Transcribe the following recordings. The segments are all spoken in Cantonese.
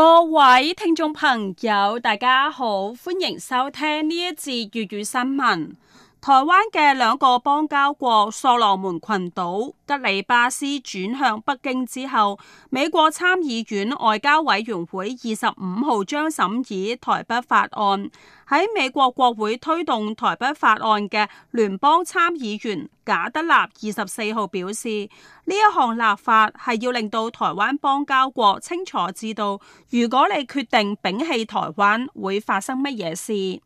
各位聽眾朋友，大家好，歡迎收聽呢一節粵語新聞。台灣嘅兩個邦交國所羅門群島、吉里巴斯轉向北京之後，美國參議院外交委員會二十五號將審議台北法案。喺美國國會推動台北法案嘅聯邦參議員賈德納二十四號表示，呢一項立法係要令到台灣邦交國清楚知道，如果你決定摒棄台灣，會發生乜嘢事。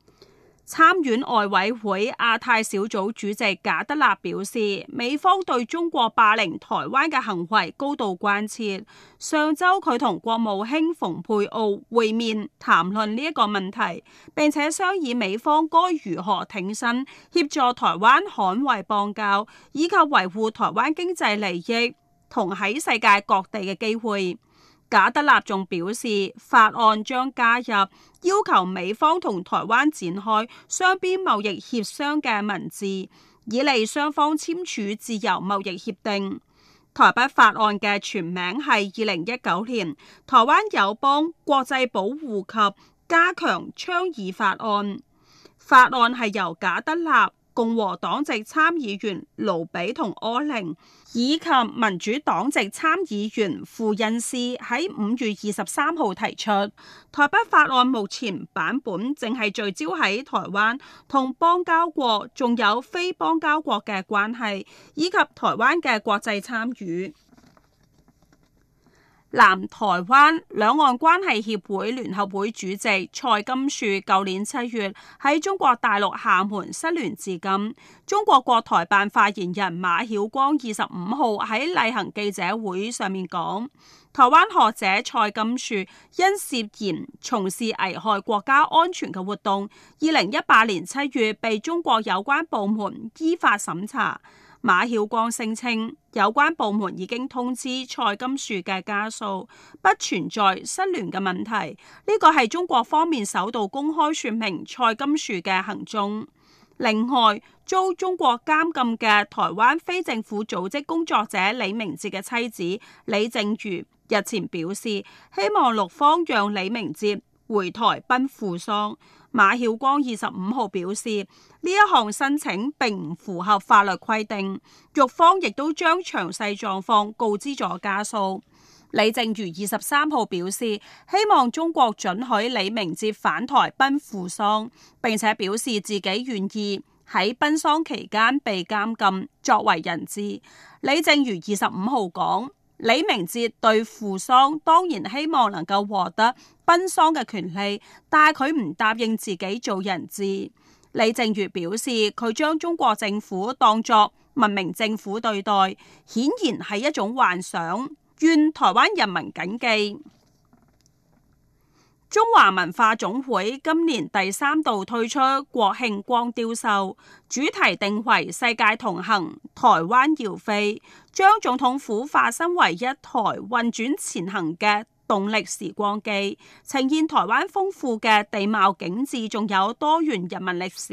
參院外委會亞太小組主席賈德納表示，美方對中國霸凌台灣嘅行為高度關切。上周佢同國務卿蓬佩奧會面，談論呢一個問題，並且商議美方該如何挺身協助台灣捍衛邦交，以及維護台灣經濟利益同喺世界各地嘅機會。賈德納仲表示，法案將加入要求美方同台灣展開雙邊貿易協商嘅文字，以利雙方簽署自由貿易協定。台北法案嘅全名係二零一九年台灣友邦國際保護及加強倡議法案。法案係由賈德納。共和黨籍參議員盧比同柯寧，以及民主黨籍參議員傅印斯喺五月二十三號提出，台北法案目前版本淨係聚焦喺台灣同邦交國，仲有非邦交國嘅關係，以及台灣嘅國際參與。南台灣兩岸關係協會聯合會主席蔡金樹，舊年七月喺中國大陸廈門失聯至今。中國國台辦發言人馬曉光二十五號喺例行記者會上面講，台灣學者蔡金樹因涉嫌從事危害國家安全嘅活動，二零一八年七月被中國有關部門依法審查。馬曉光聲稱，有關部門已經通知蔡金樹嘅家屬，不存在失聯嘅問題。呢個係中國方面首度公開說明蔡金樹嘅行蹤。另外，遭中國監禁嘅台灣非政府組織工作者李明哲嘅妻子李淨瑜日前表示，希望陸方讓李明哲回台奔父喪。馬曉光二十五號表示，呢一項申請并唔符合法律規定。獄方亦都將詳細狀況告知咗家屬。李淨瑜二十三號表示，希望中國准許李明哲返台奔赴喪，並且表示自己願意喺奔喪期間被監禁作為人質。李淨瑜二十五號講。李明哲對父喪當然希望能夠獲得奔喪嘅權利，但係佢唔答應自己做人質。李淨瑜表示，佢將中國政府當作文明政府對待，顯然係一種幻想。願台灣人民謹記。中華文化總會今年第三度推出國慶光雕秀，主題定為“世界同行，台灣耀飛”，將總統府化身為一台運轉前行嘅動力時光機，呈現台灣豐富嘅地貌景致，仲有多元人文歷史。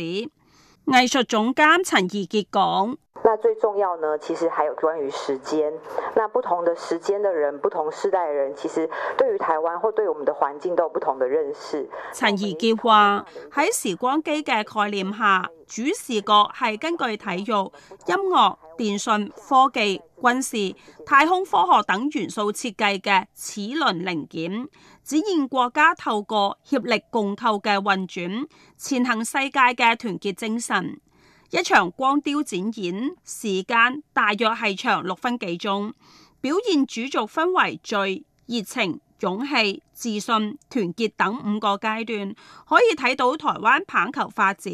藝術總監陳義杰講。那最重要呢？其實還有關於時間。那不同的時間的人，不同世代的人，其實對於台灣或對我們的環境都有不同的認識。陳怡杰話，喺時光機嘅概念下，主視覺係根據體育、音樂、電訊、科技、軍事、太空科學等元素設計嘅齒輪零件，展現國家透過協力共構嘅運轉，前行世界嘅團結精神。一場光雕展演時間大約係長六分幾鐘，表現主軸分為最熱情、勇氣、自信、團結等五個階段，可以睇到台灣棒球發展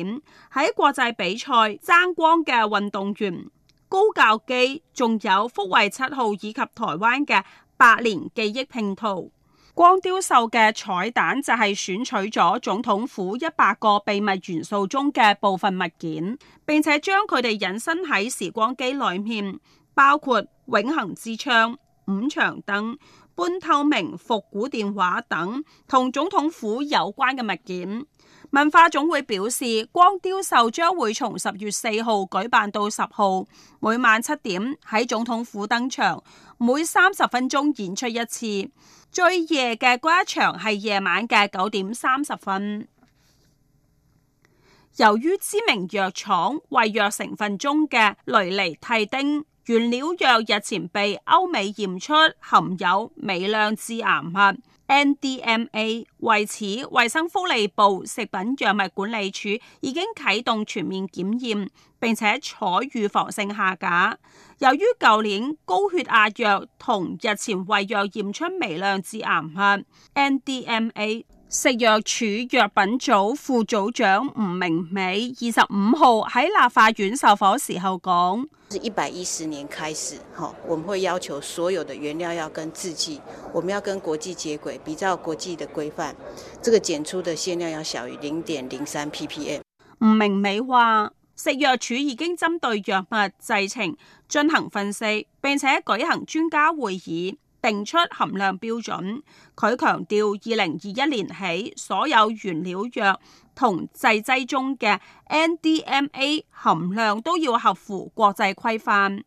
喺國際比賽爭光嘅運動員高教機，仲有福衛七號以及台灣嘅百年記憶拼圖。光雕秀嘅彩蛋就係選取咗總統府一百個秘密元素中嘅部分物件，並且將佢哋引申喺時光機裏面，包括永恆之窗、五常燈、半透明復古電話等同總統府有關嘅物件。文化總會表示，光雕秀將會從十月四號舉辦到十號，每晚七點喺總統府登場，每三十分鐘演出一次。最夜嘅嗰一場係夜晚嘅九點三十分。由於知名藥廠胃藥成分中嘅雷尼替丁原料藥日前被歐美驗出含有微量致癌物。NDMA，為此，衛生福利部食品藥物管理署已經啟動全面檢驗，並且採預防性下架。由於舊年高血壓藥同日前胃藥驗出微量致癌物 NDMA。NDMA, 食藥署藥品組副組長吳明美二十五號喺立法院受訪時候講：一百一十年開始，我們會要求所有的原料要跟製劑，我們要跟國際接軌，比較國際的規範，這個檢出的限量要小於零點零三 ppm。吳明美話：食藥署已經針對藥物製程進行分析，並且舉行專家會議。定出含量標準。佢強調，二零二一年起，所有原料藥同製劑中嘅 NDMA 含量都要合乎國際規範。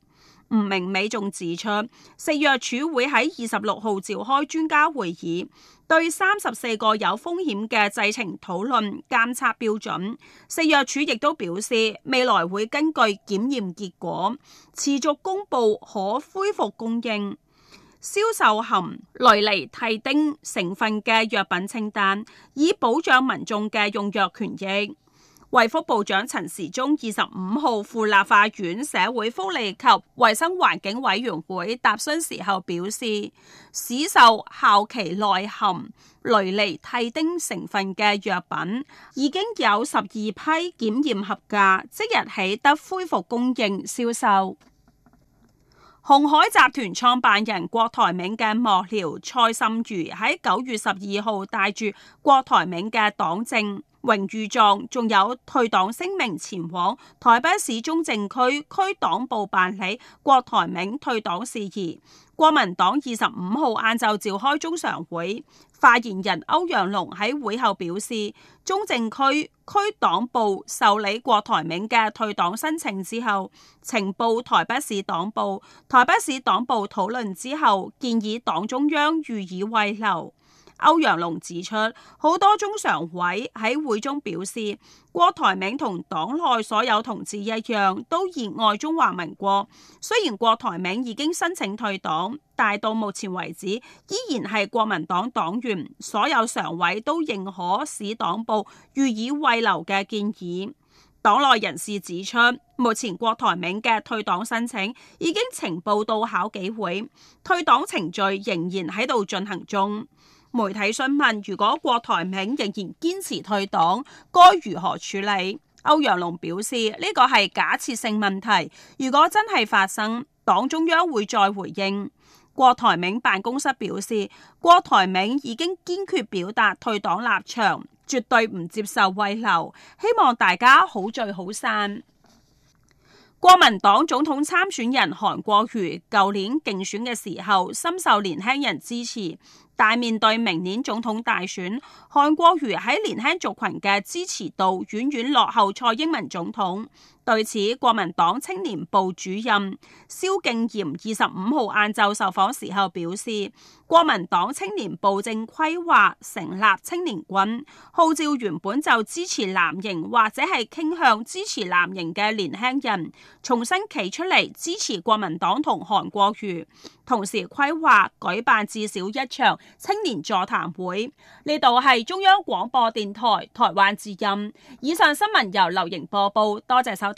吳明美仲指出，食藥署會喺二十六號召開專家會議，對三十四個有風險嘅製程討論監測標準。食藥署亦都表示，未來會根據檢驗結果持續公布可恢復供應銷售含雷尼替丁成分嘅藥品清單，以保障民眾嘅用藥權益。衛福部長陳時中二十五號赴立法院社會福利及衛生環境委員會答詢時候表示，市售效期內含雷尼替丁成分嘅藥品已經有十二批檢驗合格，即日起得恢復供應銷售。鴻海集團創辦人郭台銘嘅幕僚蔡心如喺九月十二號帶住郭台銘嘅黨證，榮譽狀，仲有退黨聲明，前往台北市中正區區黨部辦理郭台銘退黨事宜。國民黨二十五號晏晝召開中常會，發言人歐陽龍喺會後表示，中正區區黨部受理郭台銘嘅退黨申請之後，呈報台北市黨部，台北市黨部討論之後建議黨中央予以慰留。歐陽龍指出，好多中常委喺會中表示，郭台銘同黨內所有同志一樣都熱愛中華民國。雖然郭台銘已經申請退黨，但到目前為止依然係國民黨黨員。所有常委都認可市黨部予以慰留嘅建議。黨內人士指出，目前郭台銘嘅退黨申請已經呈報到考紀會，退黨程序仍然喺度進行中。媒體詢問，如果郭台銘仍然堅持退黨，該如何處理？歐陽龍表示呢個係假設性問題，如果真係發生，黨中央會再回應。郭台銘辦公室表示，郭台銘已經堅決表達退黨立場，絕對唔接受慰留，希望大家好聚好散。國民黨總統參選人韓國瑜舊年競選嘅時候，深受年輕人支持。但面對明年總統大選，韓國瑜喺年輕族群嘅支持度遠遠落後蔡英文總統。對此，國民黨青年部主任蕭敬嚴二十五號晏晝受訪時候表示，國民黨青年部正規劃成立青年軍，號召原本就支持藍營或者係傾向支持藍營嘅年輕人重新企出嚟支持國民黨同韓國瑜，同時規劃舉辦至少一場青年座談會。呢度係中央廣播電台台灣之音。以上新聞由劉瑩播報，多謝收聽。